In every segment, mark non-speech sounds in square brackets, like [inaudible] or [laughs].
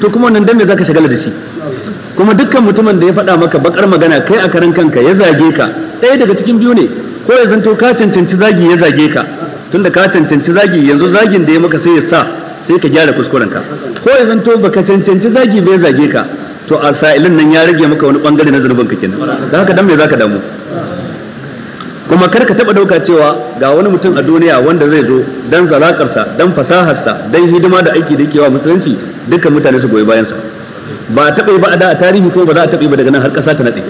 to kuma wannan dan zaka shagala da shi kuma dukkan mutumin da ya faɗa maka bakar magana kai a karan kanka ya zage ka ɗaya daga cikin biyu ne ko ya zanto ka cancanci zagi ya zage ka tunda ka cancanci zagi yanzu zagin da ya maka sai ya sa sai ka gyara kuskuren ka ko ya zanto baka cancanci zagi bai zage ka to a sa'ilin nan ya rage maka wani bangare na zurbin ka kenan da haka dan me zaka damu kuma kar ka taba dauka cewa ga wani mutum a duniya wanda zai zo dan zalakarsa dan fasaharsa dan hidima da aiki da yake wa musulunci dukkan mutane su goyi bayan sa ba a taɓa yi ba a da a tarihi ko ba za a taɓa yi ba daga nan har ƙasa ta nade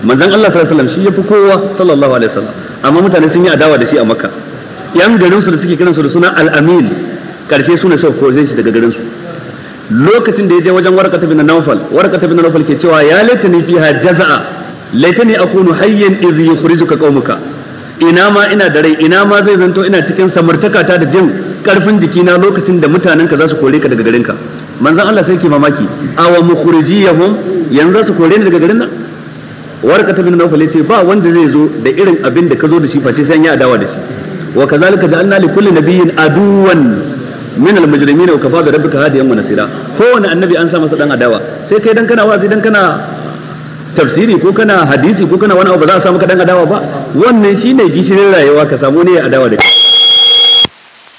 manzon Allah sallallahu alaihi wasallam shi yafi kowa sallallahu alaihi wasallam amma mutane sun yi adawa da shi a Makka yan garin su da suke kiransu da suna al-amin karshe suna sau ko zai shi daga garin su lokacin da ya je wajen warqata bin nawfal warqata bin nawfal ke cewa ya laitani fiha jaza'a laitani akunu hayyan idh yukhrijuka qaumuka ina ma ina da rai ina ma zai zanto ina cikin samartaka ta da jin karfin jikina lokacin da mutanenka za su kore ka daga garinka manzon Allah sai ke mamaki awa mukhrijiyahum yanzu za su kore ni daga garin na? warka ta bin nawfal ce ba wanda zai zo da irin abin da ka zo da shi face sai an yi adawa da shi wa kazalika ja'alna li kulli nabiyyin aduwan min al mujrimina wa kafa bi rabbika hadiyan wa nasira kowane annabi an sa masa dan adawa sai kai dan kana wazi dan kana tafsiri ko kana hadisi ko kana wani abu ba za a samu kadan adawa ba wannan shine gishirin rayuwa ka samu ne adawa da kai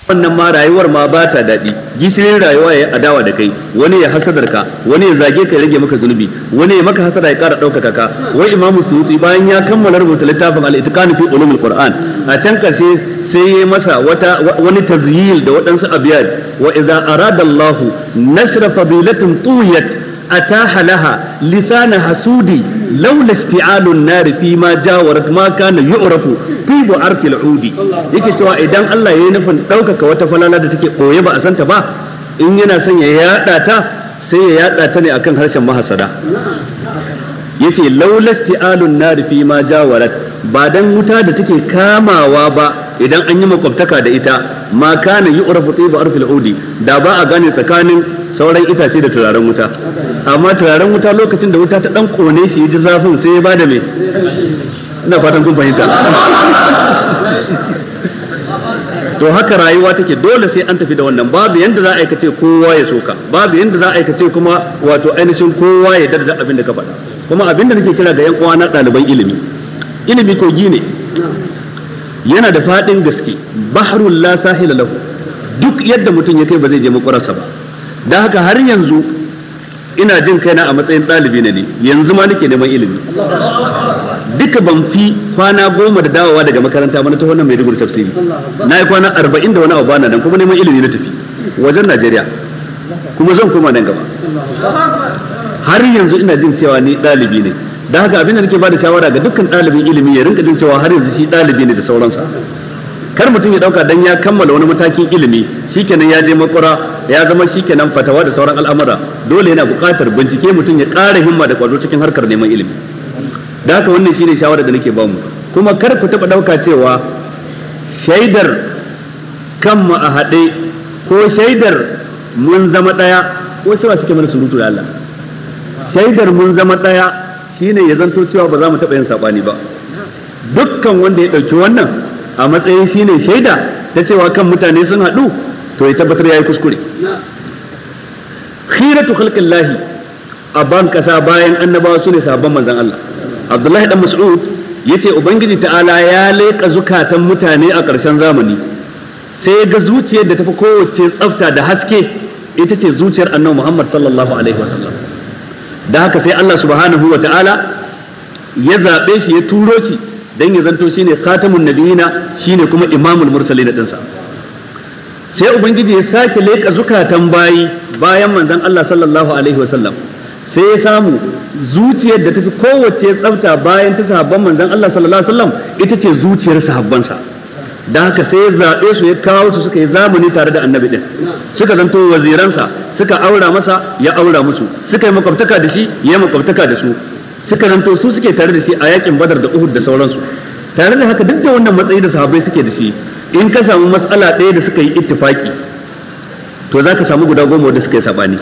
wannan ma rayuwar ma ba ta daɗi gishirin rayuwa ya adawa da kai wani ya hasadar ka wani ya zage ka ya rage maka zunubi wani ya maka hasada ya ƙara ɗaukaka ka wai imamu suyuti bayan ya kammala rubuta littafin al fi ulumul qur'an a can karshe sai ya masa wata wani tazyil da waɗansu abiyar wa idza arada Allah nasra fabilatin tuyat أتاح لها لسان حسود لولا اشتعال النار فيما جاورت ما كان يعرف طيب عرف العود yake cewa idan Allah yayi nufin ɗaukaka wata falala da take koye ba a santa ba in yana son ya yada ta sai ya yada ta ne akan harshen mahasada yace laula isti'alun nar fi ma jawarat ba dan wuta da take kamawa ba idan an yi makwabtaka da ita ma kana yu'rafu tibu arfil udi da ba a gane tsakanin sauran itace da turaren wuta amma turaren wuta lokacin da wuta ta dan kone shi ji zafin sai ya bada mai ina fatan kun fahimta to haka rayuwa take dole sai an tafi da wannan babu yanda za a kace kowa ya soka babu yanda za a kace kuma wato ainihin kowa ya darda abin da ka faɗa kuma abin da nake kira ga yan uwa na ɗaliban ilimi ilimi ko gine yana da faɗin gaske bahrul la sahila lahu duk yadda mutum ya kai ba zai je makwararsa ba Da haka har yanzu ina jin na a matsayin ɗalibi na ne yanzu ma nake neman ilimi duka ban fi kwana goma da dawowa daga makaranta ba na ta wannan maiduguri tafsiri na yi kwana arba'in da wani abu bana nan kuma neman ilimi na tafi wajen najeriya kuma zan koma nan gaba har yanzu ina jin cewa ni ɗalibi ne da haka abin da nake ba da shawara ga dukkan ɗalibin ilimi ya rinka jin cewa har yanzu shi ɗalibi ne da sauransa kar mutum ya dauka dan ya kammala wani matakin ilimi shikenan ya je makura ya zama shikenan fatawa da sauran al'amura dole yana buƙatar bincike mutum ya ƙara himma da kwazo cikin harkar neman ilimi da haka wannan shine shawara da nake ba mu kuma kar ku taɓa ɗauka cewa shaidar kanmu a haɗe ko shaidar mun zama ɗaya ko cewa suke mana surutu da Allah shaidar mun zama ɗaya shine ya zanto cewa ba za mu taɓa yin saɓani ba dukkan wanda ya ɗauki wannan a matsayin shine shaida ta cewa kan mutane sun haɗu to ya tabbatar ya yi kuskure khiratu lahi a ban kasa bayan annabawa su ne sabon manzon Allah Abdullahi dan Mas'ud ce ubangiji ta'ala ya leka zukatan mutane a ƙarshen zamani sai ga zuciyar da tafi kowace tsafta da haske ita ce zuciyar annabi Muhammad sallallahu alaihi wasallam da haka sai Allah subhanahu wa ta'ala ya zaɓe shi ya turo shi dan ya zanto shine khatamun nabiyina shine kuma imamul mursalin din sa sai ubangiji ya sake leka zukatan bayi bayan manzon Allah sallallahu alaihi wasallam sai ya samu zuciyar da tafi kowace tsafta bayan ta sahabban manzon Allah sallallahu alaihi wasallam ita ce zuciyar sahabbansa da haka sai ya zaɓe su ya kawo su suka yi zamani tare da annabi din suka zanto waziransa suka aura masa ya aura musu suka yi makwabtaka da shi ya makwabtaka da su suka ranto su suke tare da shi a yakin badar da uhud da sauransu tare da haka duk da wannan matsayi da sahabbai suke da shi in ka samu matsala ɗaya da suka yi ittifaki to za ka samu guda goma wanda suka yi saɓani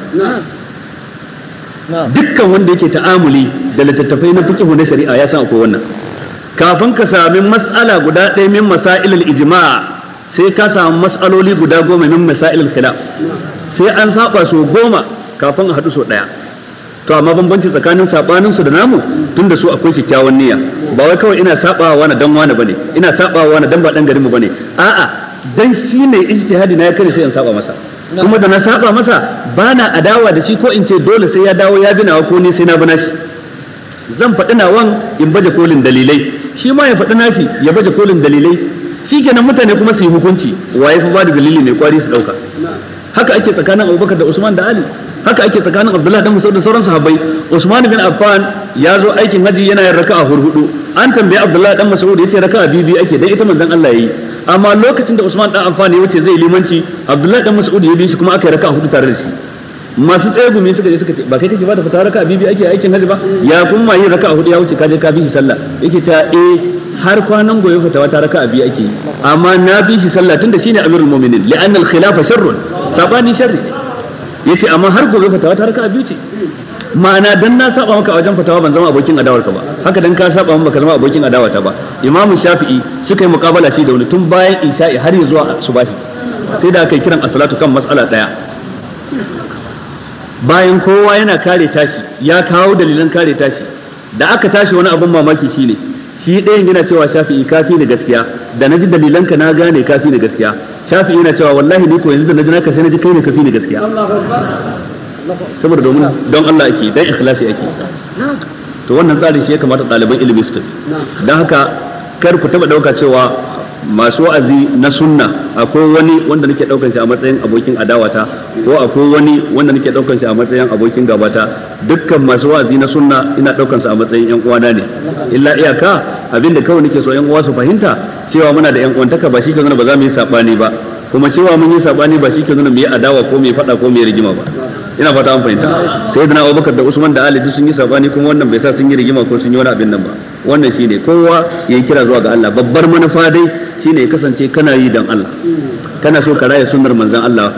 dukkan wanda yake ta'amuli da littattafai na fikihu na shari'a ya san akwai wannan kafin ka sami mas'ala guda ɗaya min masailul ijma'a sai ka samu mas'aloli guda goma min masailul khilaf sai an saba so goma kafin a haɗu so ɗaya to amma bambanci tsakanin sabanin su da namu tunda su akwai kyakkyawan niyya ba wai kawai ina sabawa wani dan wani bane ina sabawa wani dan ba dan garin mu bane a'a dan shine ijtihadi na ya kare sai in saba masa kuma da na saba masa bana adawa da shi ko in ce dole sai ya dawo ya bi nawa ko ni sai na bi nashi zan faɗi nawan in baje kolin dalilai shi ma ya faɗi nashi ya baje kolin dalilai shi kenan mutane kuma su yi hukunci waye fa ba da dalili mai kwari su ɗauka haka ake tsakanin abubakar da usman da ali haka ake tsakanin abdullahi dan mas'ud da sauran sahabbai usman bin affan ya zo aikin haji yana yin raka'a hurhudu an tambaye abdullahi dan mas'ud yace raka'a biyu biyu ake dan ita manzon Allah yayi amma lokacin da usman dan affan ya wuce zai limanci abdullahi dan mas'ud ya bi shi kuma aka yi raka'a hudu tare da shi masu tsaye gumi suka je suka ce ba kai kake ba da fita raka'a biyu biyu ake aikin haji ba ya kuma yin raka'a hudu ya wuce kaje ka bi sallah yake ta eh har kwanan gobe fatawa ta raka'a biyu ake amma na bi shi sallah tunda shine amirul mu'minin li'anna al-khilafa sharrun sabani sharri yace amma har gobe fatawa ta raka'a biyu ce ma'ana dan na saba maka a wajen fatawa ban zama abokin adawar ka ba haka dan ka saba maka zama abokin adawa ta ba imamu shafi'i suka yi muqabala shi da wani tun bayan isha'i har yanzu zuwa subahi sai da aka kiran asalatu kan mas'ala daya bayan kowa yana kare tashi ya kawo dalilan kare tashi da aka tashi wani abun mamaki shi ne shi ɗayan yana cewa shafi'i kafi da gaskiya da na naji ka na gane kafi da gaskiya shafi yana cewa wallahi ni ko yanzu na naji naka sai naji kai ne kafi ni gaskiya saboda domin don Allah ake dan ikhlasi ake to wannan tsarin shi ya kamata ɗaliban ilimi su tafi don haka kar ku taba dauka cewa masu wa'azi na sunna akwai wani wanda nake daukan shi a matsayin abokin adawata ko akwai wani wanda nake daukan shi a matsayin abokin gabata dukkan masu wa'azi na sunna ina daukan su a matsayin yan uwana ne illa iyaka abinda kawai nake so yan uwa su fahimta cewa muna da yan uwantaka ba shi ke nuna ba za mu yi sabani ba kuma cewa mun yi sabani ba shi ke nuna mu yi adawa ko mu yi fada ko mu yi rigima ba ina fata an fahimta sai da abubakar da usman da ali sun yi sabani kuma wannan bai sa sun yi rigima ko sun yi wani abin nan ba wannan shine kowa ya kira zuwa ga Allah babbar manufa dai shine ya kasance kana yi dan Allah kana so ka raya sunnar manzon Allah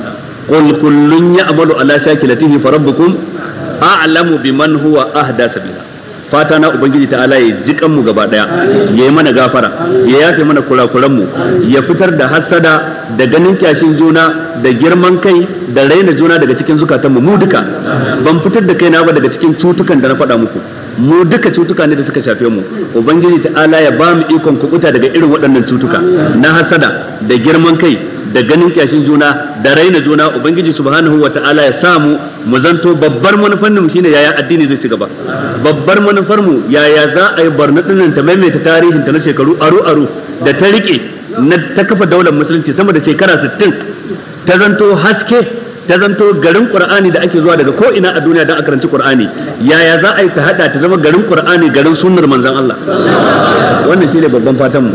qul kullun ya'malu ala shakilatihi rabbukum a'lamu biman huwa ahda sabila fata na ubangiji ta ala ya jikan mu gaba daya ya mana gafara ya yafe mana mu ya fitar da hassada da ganin kyashin juna da girman kai da raina juna daga cikin zukatanmu mu duka ban fitar da kai na ba daga cikin cutukan da na faɗa muku mu duka cutuka ne da suka shafe mu ubangiji ta'ala ya ba mu ikon kukuta daga irin waɗannan cutuka na hasada da girman kai da ganin kyashin juna da raina juna ubangiji subhanahu wa ta'ala ya samu mu zanto babbar manufar mu shine yaya addini zai ci gaba babbar manufar mu yaya za a yi barnatin nan ta maimaita tarihin ta na shekaru aru aru da ta rike na ta kafa daular musulunci sama da shekara 60 ta zanto haske ta zanto garin qur'ani da ake zuwa daga ko ina a duniya don a karanci qur'ani yaya za a yi ta hada ta zama garin qur'ani garin sunnar manzan Allah wannan shine babban fatan mu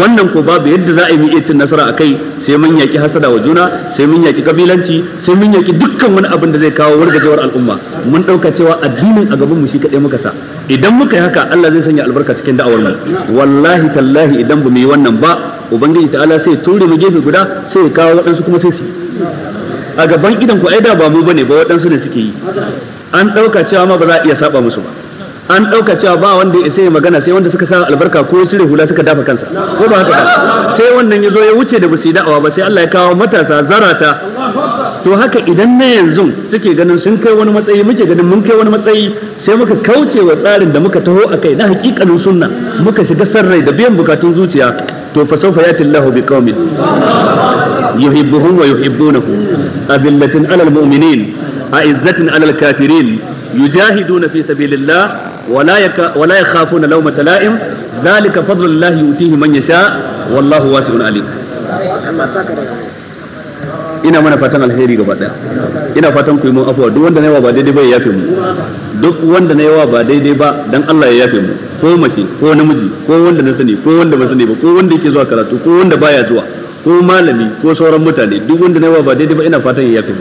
wannan ko babu yadda za a yi cin nasara akai sai mun yaki hasada wa juna sai mun yaki kabilanci sai mun yaki dukkan wani abin da zai kawo wargajewar al'umma mun ɗauka cewa addinin a gaban mu shi kadai muka sa idan muka yi haka Allah zai sanya albarka cikin da'awar mu wallahi tallahi idan ba mu yi wannan ba ubangiji ta'ala sai ture mu gefe guda sai ya kawo waɗansu kuma sai su a gaban idan ku aida ba mu bane ba waɗansu ne suke yi an ɗauka cewa ma ba za a iya saba musu ba an ɗauka cewa ba wanda ya sai magana sai wanda suka sa albarka ko cire hula suka dafa kansa ko ba haka sai wannan ya zo ya wuce da basu da'awa ba sai Allah ya kawo matasa zarata to haka idan na yanzu suke ganin sun kai wani matsayi muke ganin mun kai wani matsayi sai muka kauce wa tsarin da muka taho a kai na hakikanin sunna muka shiga sarrai da biyan bukatun zuciya to fa sawfa yatillahu biqaumin yuhibbuhum wa yuhibbunahu أذلة على المؤمنين أعزة على الكافرين يجاهدون في سبيل الله ولا يك ولا يخافون لومة لائم ذلك فضل الله يؤتيه من يشاء والله واسع عليم ina mana fatan alheri gaba daya ina fatan ku yi mun afuwa duk wanda na yawa ba daidai ba ya yafe mu duk wanda na yawa ba daidai ba dan Allah ya yafe mu ko mace ko namiji ko wanda na sani ko wanda ba sani ba ko wanda yake zuwa karatu ko wanda baya zuwa ko malami ko sauran mutane duk wanda na yi ba daidai ba ina fatan ya yafe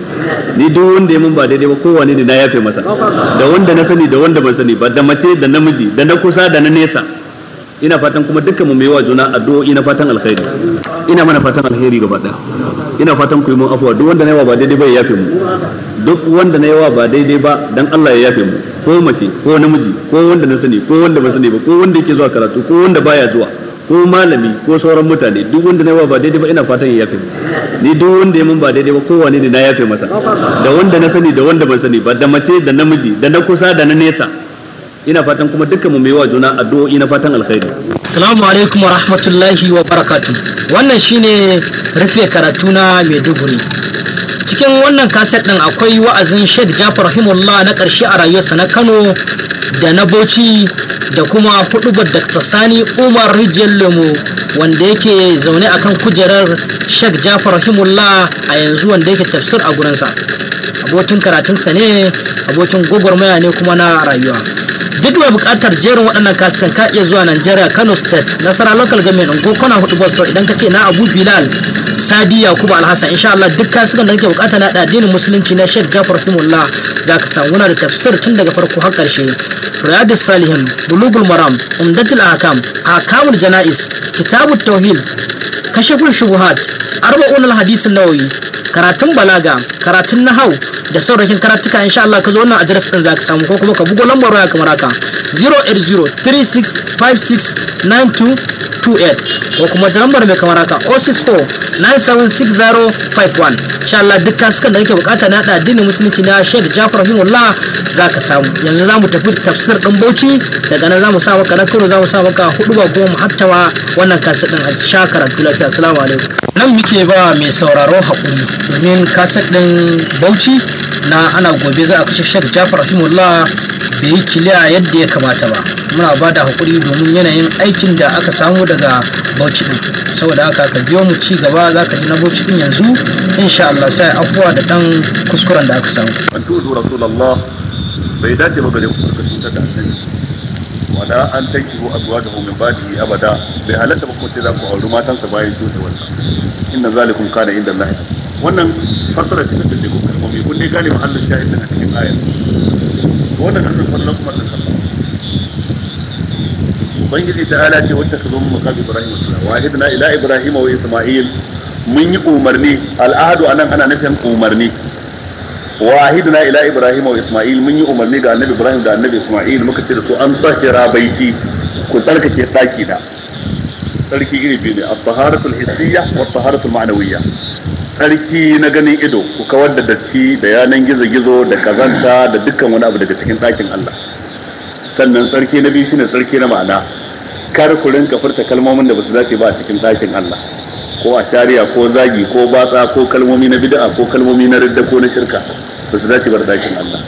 ni duk wanda ya mun ba daidai ba kowane ne na yafe masa da wanda na sani da wanda ban sani ba da mace da namiji da na kusa da na nesa ina fatan kuma dukkan mu mai wa juna addu'o'i na fatan alkhairi ina mana fatan alkhairi gaba daya ina fatan ku yi mun afuwa duk wanda na yi ba daidai ba ya yafe mu duk wanda na yawa ba daidai ba dan Allah ya yafe mu ko mace ko namiji ko wanda na sani ko wanda ban sani ba ko wanda yake zuwa karatu ko wanda baya zuwa ko malami ko sauran mutane duk wanda na yi wa ba daidai ba ina fatan ya yafe ni duk wanda ya mun ba daidai ba kowane ne na yafe masa da wanda na sani da wanda ban sani ba da mace da namiji da na kusa da na nesa ina fatan kuma dukkan mu mai wa juna addu'o'i na fatan alkhairi assalamu alaikum wa rahmatullahi wa barakatuh wannan shine rufe karatu na Maiduguri cikin wannan kaset din akwai wa'azin Sheikh Jafar Rahimullah na karshe a rayuwarsa na Kano da na Bauchi da kuma hudubar dr sani umar rijiyar lemo wanda yake zaune a kan kujerar shek jafar rahimullah a yanzu wanda yake tafsir a gurinsa abokin karatunsa ne abokin gwagwarmaya ne kuma na rayuwa duk mai bukatar jerin waɗannan kasuwan ka iya zuwa nigeria Kano State Nasara Local Government ko kana Hudu Bus idan ka ce na Abu Bilal Sadi Yakubu Alhassan insha Allah duk kasuwan da kake bukata na da addinin musulunci na Sheikh Jafar Fimullah zaka samu wani da tafsir tun daga farko har karshe Riyadus Salihin Bulugul Maram Umdatul Ahkam Ahkamul Janais Kitabut Tauhid kashafin shubuhat arba'un alhadisin nawawi karatun balaga karatun nahau da saurakin karatuka insha Allah ka zo wannan address din zaka samu ko kuma ka bugo lambar waya kamar haka 08036569228 ko kuma da lambar mai kamar haka 064976051 insha Allah duk kasukan da kake bukata na da addinin musulunci na Sheikh Jafar Rahimullah zaka samu yanzu zamu tafi tafsir din Bauchi daga nan zamu sa maka na za zamu sa maka hudu ba goma hattawa wannan kasu din a sha karatu lafiya assalamu alaikum nan muke ba mai sauraro haƙuri domin kaset ɗin bauchi na ana gobe za a kashe shek jafar rahimullah bai yi kiliya yadda ya kamata ba muna ba da haƙuri domin yanayin aikin da aka samu daga bauchi ɗin saboda haka ka biyo mu ci gaba za ka ji na bauchi ɗin yanzu insha Allah sai afuwa da ɗan kuskuren da aka samu. an tuzu rasulallah bai dace ba gare ku suka ta da wala an tankihu azwajahu min ba'dihi abada bai halatta ba kuma sai za ku auri matansa bayan shuɗe wannan inna zalikum kana inda Allah wannan fasara cikin da dukkan kalmomi kun dai gane mahallin shi a cikin ayar wannan kan sallan fallon sallan ubangiji ta ala ce wata kazo mu makabi ibrahim sallallahu wa hidna ila ibrahim wa isma'il mun yi umarni al'ahadu anan ana nufin umarni wahiduna ila ibrahim wa isma'il mun yi umarni ga annabi ibrahim da annabi isma'il muka ce da su an tsahira baiti ku tsarkake daki na tsarki iri biyu ne at-taharatul hissiyya wa at-taharatul tsarki na ganin ido ku kawar da datti da yanan gizo-gizo da kazanta da dukkan wani abu daga cikin ɗakin Allah sannan tsarki na biyu shine tsarki na ma'ana kar ku rinka furta kalmomin da ba su dace ba a cikin ɗakin Allah ko a shari'a ko zagi ko batsa ko kalmomi na bid'a ko kalmomi na ridda ko na shirka ba su dace bar dakin Allah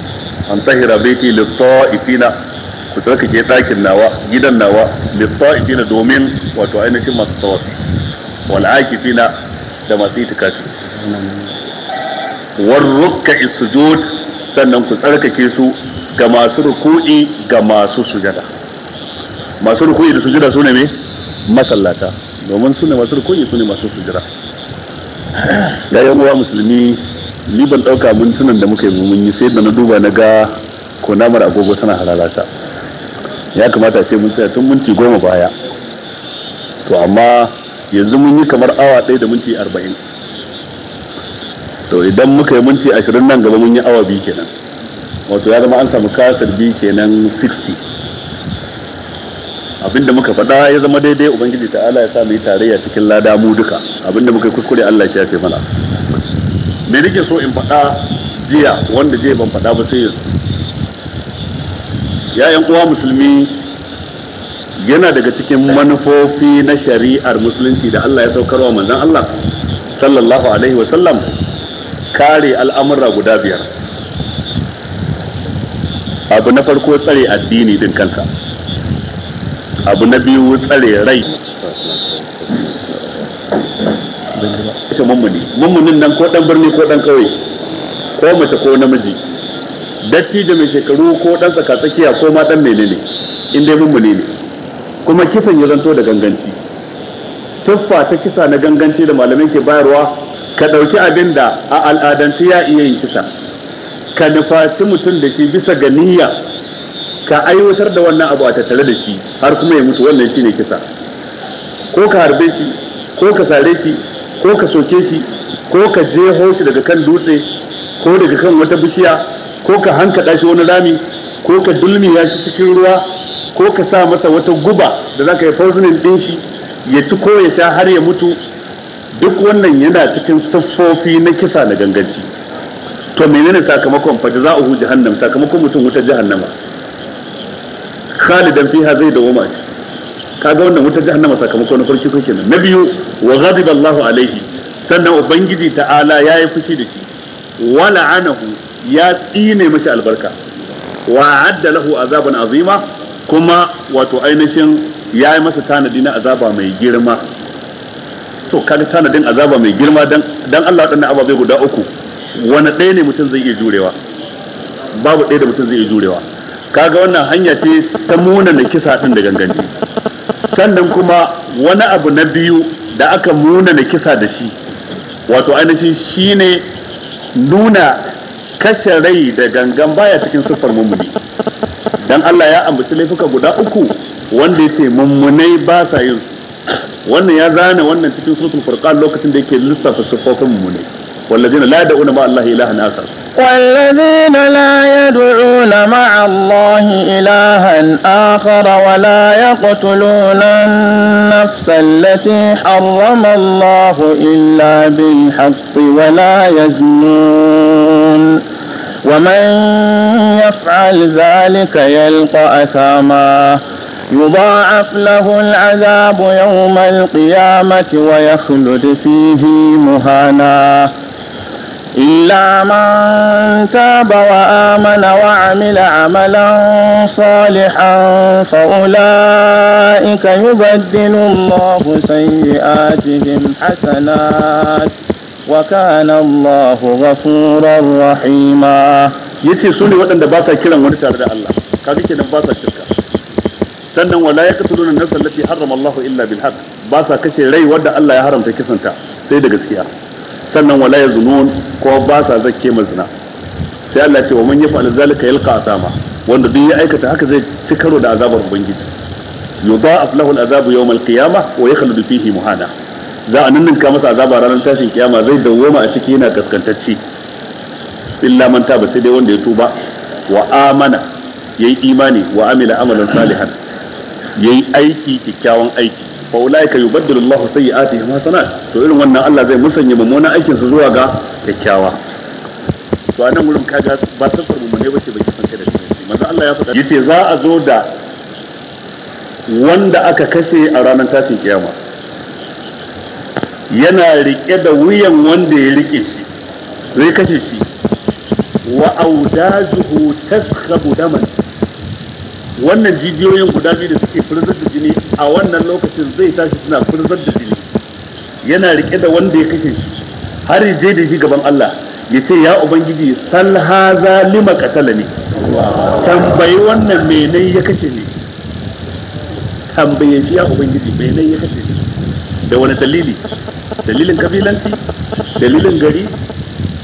an tahira baiti li ta'ifina ku tsaka ke dakin nawa gidan nawa li ta'ifina domin wato ainihin masu tawafi wal akifina da masu itikafi war rukka sujud sannan ku tsarkake su ga masu ruku'i ga masu sujada masu ruku'i da sujada sune me masallata domin su ne masu rukuni su ne masu sujira ya yan uwa musulmi ni ban ɗauka mintunan da muka yi mun yi sai da na duba na ga konamar agogo tana halalata ya kamata sai ce mun tsaya tun minti goma baya to amma yanzu mun yi kamar awa ɗaya da minti arba'in to idan muka yi minti ashirin nan gaba mun yi awa biyu kenan wato ya zama an samu kasar biyu kenan 60 abinda muka faɗa ya zama daidai ubangiji ta ala ya sa mu yi tarayya cikin lada mu duka abinda muka kuskure Allah ya shafe mana me nake so in faɗa jiya wanda jiya ban faɗa ba sai yanzu ya uwa musulmi yana daga cikin manufofi na shari'ar musulunci da Allah ya saukarwa manzon Allah sallallahu alaihi wa sallam kare al'amura guda biyar abu na farko tsare addini din kansa abu na biyu tsare rai ita mummuni mummunin nan ko dan birni ko dan kauye ko mace ko namiji datti da mai shekaru ko dan tsaka tsakiya ko ma dan menene in dai mummuni ne kuma kisan ya zanto da ganganci tuffa ta kisa na ganganci da malamai ke bayarwa ka ɗauki abin da a al'adance ya iya yin kisa ka nufaci mutum da ke bisa ga niyya ka aiwatar da wannan abu a tattare da shi har kuma ya mutu wannan shine kisa ko ka harbe shi ko ka sare shi ko ka soke shi ko ka je shi daga kan dutse ko daga kan wata bishiya ko ka hankaɗa shi wani rami ko ka dulmi ya shi cikin ruwa ko ka sa masa wata guba da za ka yi fauzunin ɗin shi ya ci ko ya sha har ya mutu duk wannan yana cikin siffofi na kisa na ganganci to menene sakamakon fa za a hu jahannam sakamakon mutum wutar jahannama khalidan fiha zai dawo shi kaga wannan wutar jahannama sakamako na farko nan na biyu wa ghadiba Allahu alaihi sannan ubangiji ta'ala yayi fushi da shi wa la'anahu ya tsine mashi albarka wa adda lahu azaban azima kuma wato ainihin ya yi masa tanadi na azaba mai girma to kaga tanadin azaba mai girma dan dan Allah wadannan ababai guda uku wani ɗaya ne mutum zai iya jurewa babu ɗaya da mutum zai iya jurewa kaga wannan hanya ce ta muna kisa din da ganganci sannan kuma wani abu na biyu da aka muna kisa da shi wato ainihin shine nuna kashe rai da gangan baya cikin siffar mummuni dan Allah ya ambaci laifuka guda uku wanda ya ce mummunai ba sa yin wannan ya zana wannan cikin suratul furqan lokacin da yake lissafa siffofin mummunai والذين لا يدعون مع الله إلها آخر والذين لا يدعون مع الله إلها آخر ولا يقتلون النفس التي حرم الله إلا بالحق ولا يزنون ومن يفعل ذلك يلقى أثاما يضاعف له العذاب يوم القيامة ويخلد فيه مهانا إلا من تاب وآمن وعمل عملا صالحا فأولئك يبدل الله سيئاتهم حسنات وكان الله غفورا رحيما yace su ne waɗanda ba sa kiran wani tare da Allah kaga kenan ba sa shirka sannan wala yaqtuluna nafsan allati harrama Allah illa bil haqq ba sa kace rai wanda Allah ya haramta kisanta sai da gaskiya sannan wala yaznun ko ba sa zakke zina sai Allah ce wa man yaf'al zalika yalqa asama wanda duk ya aikata haka zai ci karo da azabar ubangiji yudha'af lahu al'azabu yawm al-qiyamah wa yakhlud fihi muhana za a ka masa azaba ranar tashin kiyama zai dawoma a ciki yana kaskantacci illa man taba sai dai wanda ya tuba wa amana yayi imani wa amila amalan salihan yayi aiki kikkiawan aiki fa ulaika yubaddilu Allahu sayyi'atihim hasanat to irin wannan Allah zai musanya mummunan aikin su zuwa ga kyakkyawa to anan gurin kaga ba safar mummune bace bace san kai da shi manzo Allah ya faɗa yace za a zo da wanda aka kashe a ranar tashin kiyama yana rike da wuyan wanda ya rike shi zai kashe shi wa audazuhu tashabu damani wannan jijiyoyin guda biyu da suke furzar da jini a wannan lokacin zai tashi suna furzar da jini yana rike da wanda ya kashe shi har ya je da shi gaban Allah ya ce ya ubangiji sal haza lima ne. tambayi wannan menai ya kashe ne. tambaye shi ya ubangiji menai ya kashe ne. da wani dalili dalilin kabilanci dalilin gari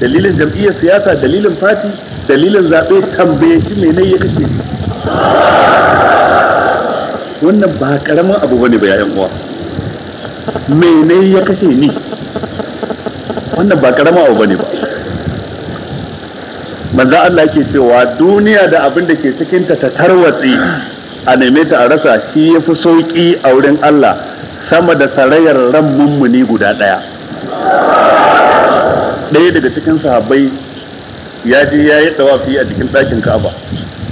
dalilin jam'iyyar siyasa dalilin fati dalilin zaɓe tambaye shi menai ya kashe ne. wannan ba karamin abu bane ba yayan uwa mene ya kashe ni wannan ba karamin abu bane ba manzo Allah yake cewa duniya da abin da ke cikin ta ta tarwatsi a neme ta a rasa shi yafi sauki a wurin Allah sama da sarayar ran mummuni guda daya ɗaya daga cikin sahabbai ya je ya yi tsawafi a cikin ɗakin Ka'aba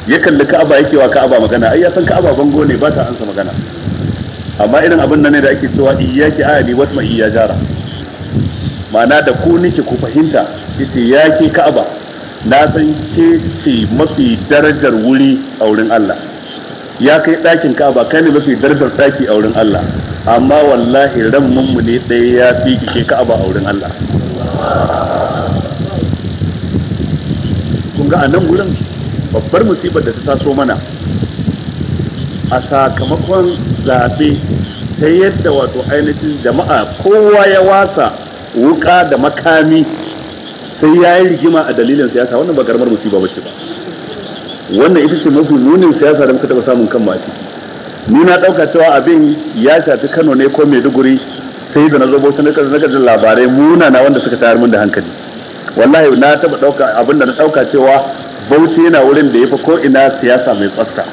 ya kalli ka'aba yake wa ka'aba magana ai ya san ka'aba bango ne ba ta ansa magana amma irin abin nan ne da ake cewa iyyaki a'adi ma iyya jara ma'ana da ku nake ku fahimta ya yake ka'aba na san ke ce mafi darajar wuri a wurin Allah ya kai ɗakin ka'aba kai ne mafi darajar ɗaki a wurin Allah amma wallahi ran mu ne ɗaya ya fi kike ka'aba a wurin Allah kun ga a nan gurin babbar musibar da ta taso mana a sakamakon zaɓe ta yadda wato ainihin jama'a kowa ya wasa wuka da makami sai ya yi rigima a dalilin siyasa wannan ba karamar musiba ba ce ba wannan ita ce mafi nunin siyasa da muka taɓa samun kan mace ni na ɗauka cewa abin ya shafi kano ne ko maiduguri sai da na zo bauta na kaji labarai munana wanda suka tayar min da hankali wallahi na taɓa ɗauka abin na ɗauka cewa bauchi yana wurin da ya fi ko'ina siyasa mai tsafta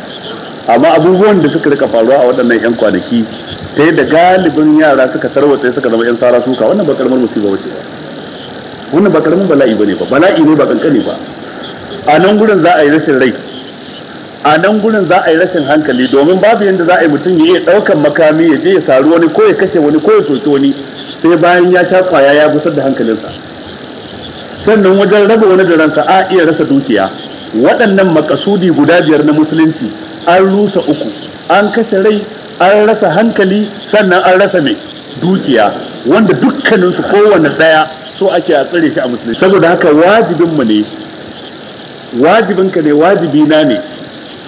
amma abubuwan da suka rika faruwa a waɗannan 'yan kwanaki ta yadda galibin yara suka tarwatsa suka zama 'yan tsara suka wannan ba karamar musiba wace ba wannan ba karamin bala'i ba ne ba bala'i ne ba kankani ba a nan gurin za a yi rashin rai a nan gurin za a yi rashin hankali domin babu yadda za a yi mutum ya iya ɗaukan makami ya je ya saru wani ko ya kashe wani ko ya soki wani sai bayan ya sha kwaya ya busar da hankalinsa sannan wajen raba wani da ransa a iya rasa dukiya waɗannan makasudi guda biyar na musulunci an rusa uku an kashe rai an rasa hankali sannan an rasa mai dukiya wanda dukkaninsu kowane ɗaya so ake a tsare shi a musulunci saboda haka wajibinmu ne wajibinka ne wajibina ne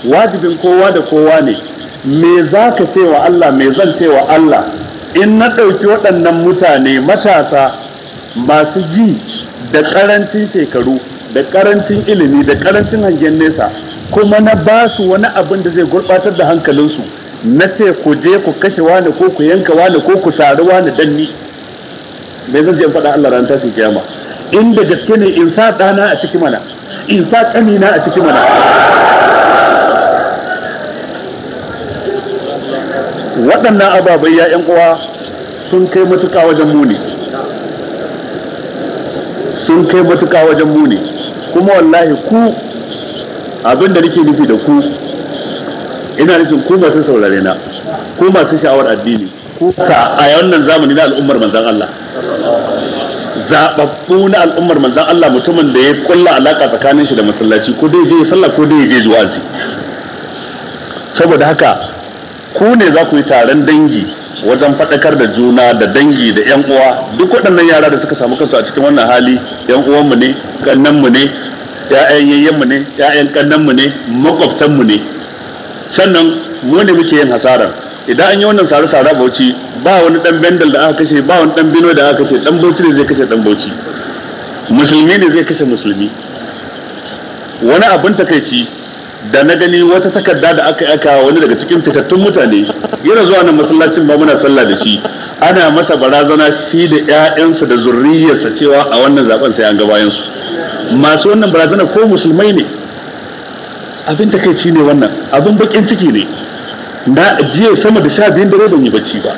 wajibin kowa da kowa ne me za ka wa Allah me zan wa Allah in na ɗauki waɗannan mutane matasa masu ji da ƙarancin shekaru da karancin ilimi da karancin hangen nesa kuma na ba su wani abin da zai gurbatar da hankalinsu na ce ku je ku kashe wani ko ku yanka wani ko ku sari wani danni me zan je faɗa Allah ran tashin kiyama in da gaske ne in sa dana a ciki mana in sa ƙanina a ciki mana waɗannan ababai ya uwa sun kai matuƙa wajen muni sun kai matuƙa wajen muni kuma wallahi ku abin da nake nufi da ku ina nufin ku masu saurare na ku masu sha'awar addini ku ka a wannan zamani na al'ummar manzan Allah zababbu na al'ummar manzan Allah mutumin da ya kulla alaƙa tsakanin shi da masallaci ko dai je sallah ko dai je zuwa saboda haka ku ne za ku yi taron dangi wajen faɗakar da juna da dangi da yan uwa duk waɗannan yara da suka samu kansu a cikin wannan hali yan uwanmu ne kannanmu ne ya'yan yayyenmu ne ya'yan kannanmu ne makwabtanmu ne sannan mu ne muke yin hasara, idan an yi wannan sare sare bauchi ba wani dan bendal da aka kashe ba wani dan bino da aka kashe dan bauchi ne zai kashe dan bauchi musulmi ne zai kashe musulmi wani abin takaici da na gani wata takarda da aka aka wani daga cikin fitattun mutane yana zuwa nan masallacin ba muna sallah da shi ana masa barazana shi da ƴaƴansa da zurriyarsa cewa a wannan zaben sai an ga bayan su masu wannan barazana ko musulmai ne abin takaici ne wannan abin bakin ciki ne na jiya sama da sha biyun dare ban yi bacci ba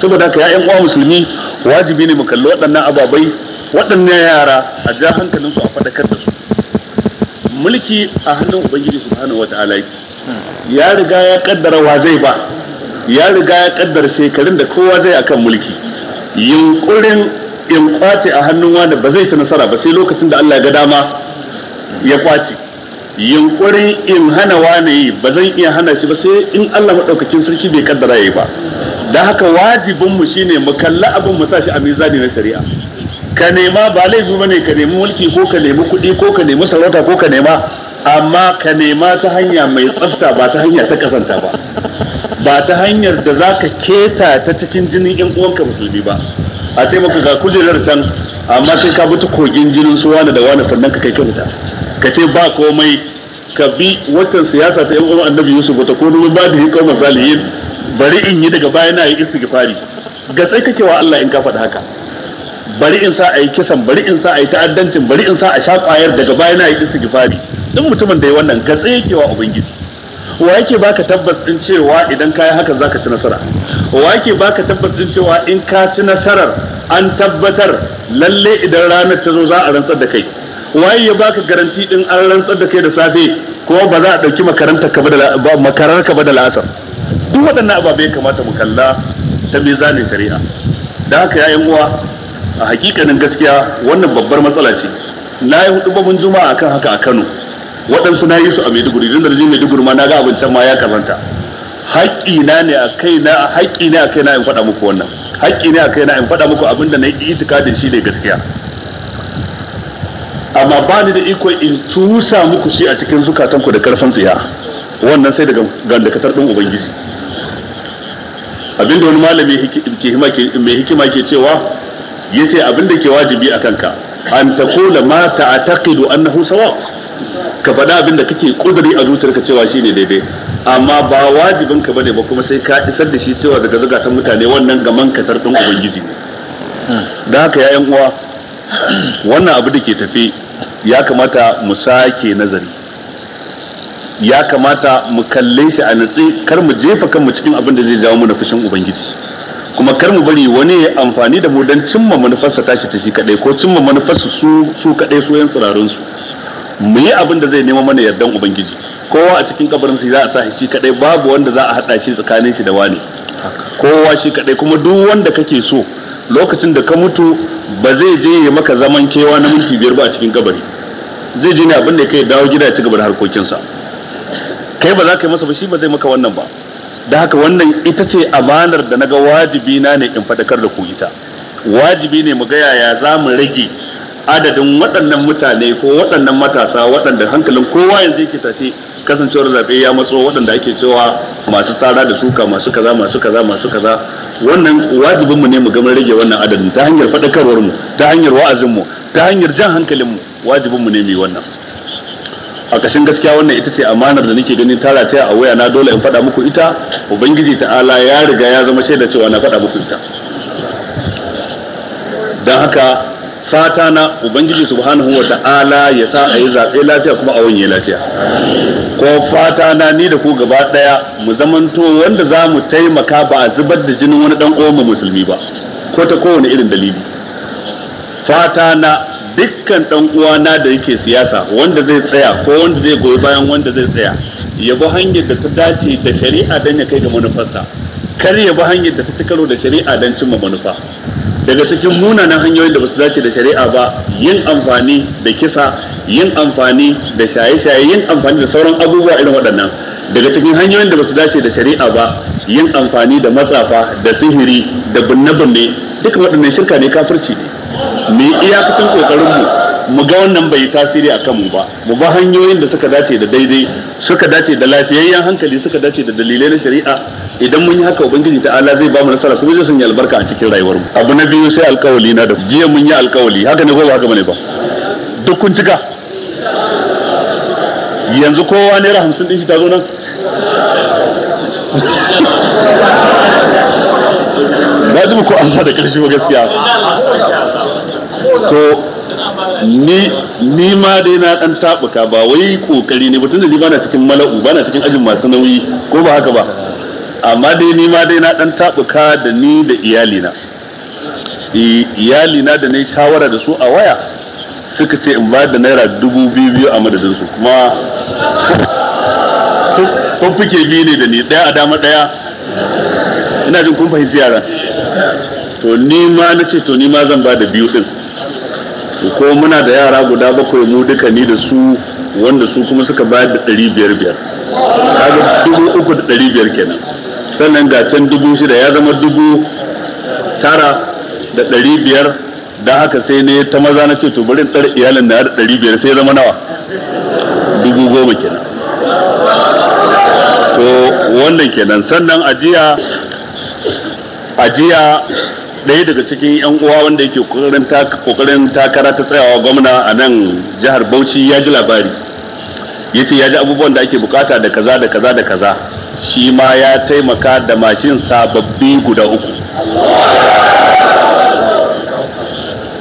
saboda haka ya'yan uwa musulmi wajibi ne mu kalli waɗannan ababai waɗannan yara a ja hankalin a faɗakar da su mulki a hannun ubangiji subhanahu wata'ala yake ya riga ya kaddara wa zai ba ya riga ya kaddara shekarun da kowa zai akan mulki yunkurin in kwace a hannun wanda ba zai ci nasara ba sai lokacin da Allah ya ga dama ya kwace yunkurin in hana wani yi ba zan iya hana shi ba sai in Allah maɗaukakin sarki bai kaddara yi ba da haka wajibinmu shine mu kalla abin mu sa shi a mizani na shari'a ka nema ba laifi ba ne ka nemi mulki ko ka nemi kuɗi ko ka nemi sarauta ko ka nema amma ka nema ta hanya mai tsafta ba ta hanya ta kasanta ba ba ta hanyar da za ka keta ta cikin jinin yan uwanka musulmi ba a ce maka ga kujerar can amma sai ka bi ta kogin jinin su wani da wani sannan ka kai kyauta ka ce ba komai ka bi wancan siyasa ta yan uwan annabi yusuf ta ko ba da yi kauma yin bari in yi daga baya na yi istighfari ga tsaikakewa wa Allah in ka faɗi haka bari in sa a yi kisan bari in sa a yi ta'addancin bari in sa a sha kwayar daga baya na yi gifari. duk mutumin da ya wannan ka tsaye wa ubangiji wa yake baka tabbas din cewa idan yi haka zaka ci nasara wa yake baka tabbas din cewa in ka ci nasarar an tabbatar lalle idan ranar ta zo za a rantsar da kai waye ya baka garanti din an rantsar da kai da safe ko ba za a ɗauki makaranta ka da makarar ka da la'asar duk waɗannan ababe kamata mu kalla ta mizanin shari'a da haka yayin uwa a hakikanin gaskiya wannan babbar matsala ce na yi hudu babin juma'a akan haka a Kano waɗansu na yi su a Maiduguri don da Maiduguri ma na ga abincin ma ya kazanta haƙƙi na ne a kai na haƙƙi ne a kai na in faɗa muku wannan haƙƙi ne a kai na in faɗa muku abin da na yi itikadin shi ne gaskiya amma ba ni da iko in tusa muku shi a cikin zukatanku da karfin tsiya wannan sai daga gandakatar ɗin ubangiji abinda wani malami mai hikima ke cewa yace abin da ke wajibi a kanka an kula ma ta'taqidu annahu sawab ka faɗa abin da kake kudiri a ka cewa shine daidai amma ba wajibin ka bane ba kuma sai ka isar da shi cewa daga ta mutane wannan man kasar din ubangiji da haka ya uwa wannan abu da ke tafi ya kamata mu sake nazari ya kamata mu kalle shi a natsi kar mu jefa kanmu cikin abin da zai jawo mu na fushin ubangiji kuma kar mu bari wani ya amfani da mu don cimma manufarsa tashi ta shi kadai ko cimma manufarsa su su kadai su yan tsirarun su mu yi abin da zai nema mana yardan ubangiji kowa a cikin kabarin sai za a sa shi kadai babu wanda za a hada shi tsakanin shi da wani kowa shi kadai kuma duk wanda kake so lokacin da ka mutu ba zai je ya maka zaman kewa na minti biyar ba a cikin kabari zai je ne abin da kai dawo gida ya ci gaba da harkokinsa kai ba za ka yi masa ba shi ba zai maka wannan ba da haka wannan ita ce amanar da naga wajibi na ne in fadakar da ku ita wajibi ne mu ga yaya za mu rage adadin waɗannan mutane ko waɗannan matasa waɗanda hankalin kowa yanzu yake tashi kasancewar zaɓe ya matso waɗanda ake cewa masu tsara da suka masu kaza masu kaza masu kaza wannan wajibin mu ne mu gamar rage wannan adadin ta hanyar faɗakarwar mu ta hanyar wa'azin mu ta hanyar jan hankalin mu wajibin mu ne mu yi wannan a kashin gaskiya wannan ita ce amanar da nake ganin tara ta a waya na dole in faɗa muku ita ubangiji ta'ala ya riga ya zama shaida cewa na faɗa muku ita don haka fata na ubangiji subhanahu wa ta'ala ya sa a yi zaɓe lafiya kuma a wanye lafiya ko fata na ni da ku gaba ɗaya mu zamanto wanda za mu taimaka ba a zubar da jinin wani ɗan ƙoma musulmi ba ko ta kowane irin dalili fata na dukkan dan uwana da yake siyasa wanda zai tsaya ko wanda zai goyi bayan wanda zai tsaya ya bi hanyar da ta dace da shari'a dan ya kai ga manufarsa kar ya bi hanyar da ta ci karo da shari'a dan cimma manufa daga cikin munanan hanyoyin da basu su dace da shari'a ba yin amfani da kisa yin amfani da shaye-shaye yin amfani da sauran abubuwa irin waɗannan daga cikin hanyoyin da ba dace da shari'a ba yin amfani da matsafa da sihiri da binne-binne duka waɗannan shirka ne kafirci ne mu yi iyakacin kokarin mu mu ga wannan bai tasiri a kanmu ba mu ba hanyoyin da suka dace da daidai suka dace da lafiyayyen hankali suka dace da dalilai na shari'a idan mun yi haka ubangiji ta ala zai ba mu nasara kuma zai sanya albarka a cikin rayuwar mu abu na biyu sai alkawali na da jiya mun yi alkawali haka ne ko ba haka bane ba duk kun cika yanzu kowa naira hamsin din shi ta zo nan [laughs] ba ko an sa da karshe ba gaskiya to ni ni ma dai na dan tabuka ba wai kokari ne batun da ni bana cikin mala'u bana cikin ajin masu nauyi ko ba haka ba amma dai ni ma dai na dan tabuka da ni da iyalina iyalina da na shawara da su a waya suka ce in ba da naira dubu biyu biyu a madadinsu kuma kun fike biyu ne da ni daya a dama daya ina jin kun fahimci yaran to ni ma na ce to ni ma zan ba da biyu din ko muna da yara guda bakwai mu duka ni da su wanda su kuma suka bayar da ɗari biyar biyar kaga dubu uku da ɗari biyar kenan sannan ga can dubu shida ya zama dubu tara da ɗari biyar da haka sai ne ta maza na ce to bari in tsare iyalin da ɗari biyar sai zama nawa dubu goma kenan to wannan kenan sannan ajiya ajiya ɗaya daga cikin yan uwa wanda yake kokarin takara ta tsayawa gwamna a nan jihar Bauchi ya ji labari yace ya ji abubuwan da ake bukata da kaza da kaza da kaza shi ma ya taimaka da mashin sababbi guda uku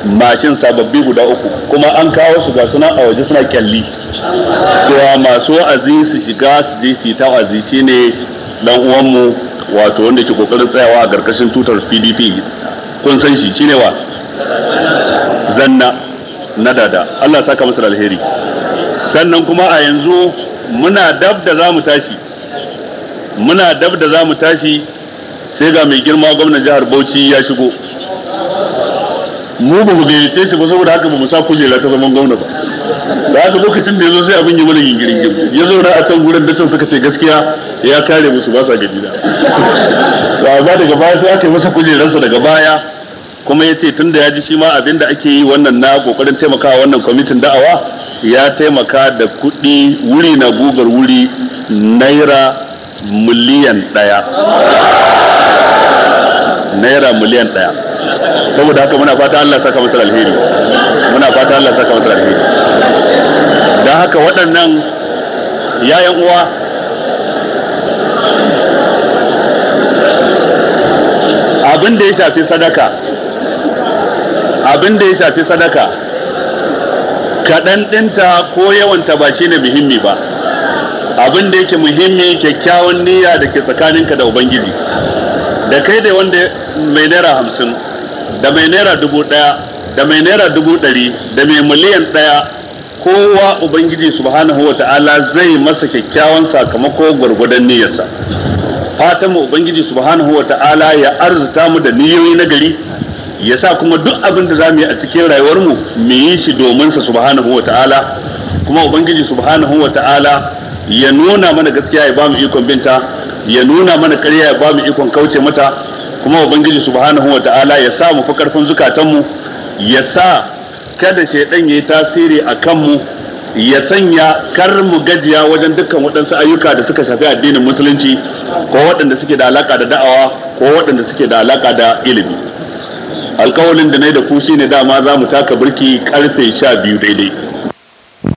mashin sababbi guda uku kuma an kawo su ga suna a waje suna kyalli cewa masu wa'azi su shiga su je su ta wa'azi shine dan uwanmu wato wanda ke kokarin tsayawa a karkashin tutar PDP kun san shi shine wa zanna na dada Allah saka masa alheri sannan kuma a yanzu muna dab da za mu tashi muna dab da za mu tashi sai ga mai girma gwamnan jihar Bauchi ya shigo mu ba mu gayyace shi ba saboda haka ba mu sa kujera ta zaman gwamna ba da haka lokacin da ya zo sai abin yi mana gingirin gim ya zauna a kan da dacin suka ce gaskiya ya kare musu ba sa gaji da [laughs] ba daga baya sai aka yi masa kujerarsa daga baya kuma ya ce tun da ya ji shi ma abin da ake yi wannan na kokarin taimakawa wannan kwamitin da'awa ya taimaka da kuɗi wuri na gugar wuri naira miliyan ɗaya naira miliyan ɗaya saboda haka muna fata Allah saka masa alheri muna fata Allah saka masa alheri don haka waɗannan yayan uwa abin da ya shafi sadaka abin da ya shafi sadaka kaɗan ɗinta ko yawanta ba shi ne muhimmi ba abin da yake muhimmi kyakkyawan niyya da ke tsakaninka da ubangiji da kai da wanda mai naira hamsin da mai naira dubu ɗaya da mai naira dubu ɗari da mai miliyan ɗaya kowa ubangiji subhanahu wa ta'ala zai masa kyakkyawan sakamako gwargwadon niyyarsa fatan mu ubangiji subhanahu wa ta'ala ya arzuta mu da niyoyi na gari ya sa kuma duk abin da za mu yi a cikin rayuwarmu mu yi shi domin sa subhanahu wa ta'ala kuma ubangiji subhanahu wa ta'ala ya nuna mana gaskiya ya bamu ikon binta ya nuna mana ƙarya ya ba ikon kauce mata kuma ubangiji subhanahu wa ta'ala ya sa mu fi karfin zukatanmu ya sa kada shaidan ya yi tasiri a kanmu ya sanya kar mu gajiya wajen dukkan waɗansu ayyuka da suka shafi addinin musulunci ko waɗanda suke da alaka da da'awa ko waɗanda suke da alaka da ilimi alkawalin da na yi da ku shine dama za mu taka birki karfe sha biyu daidai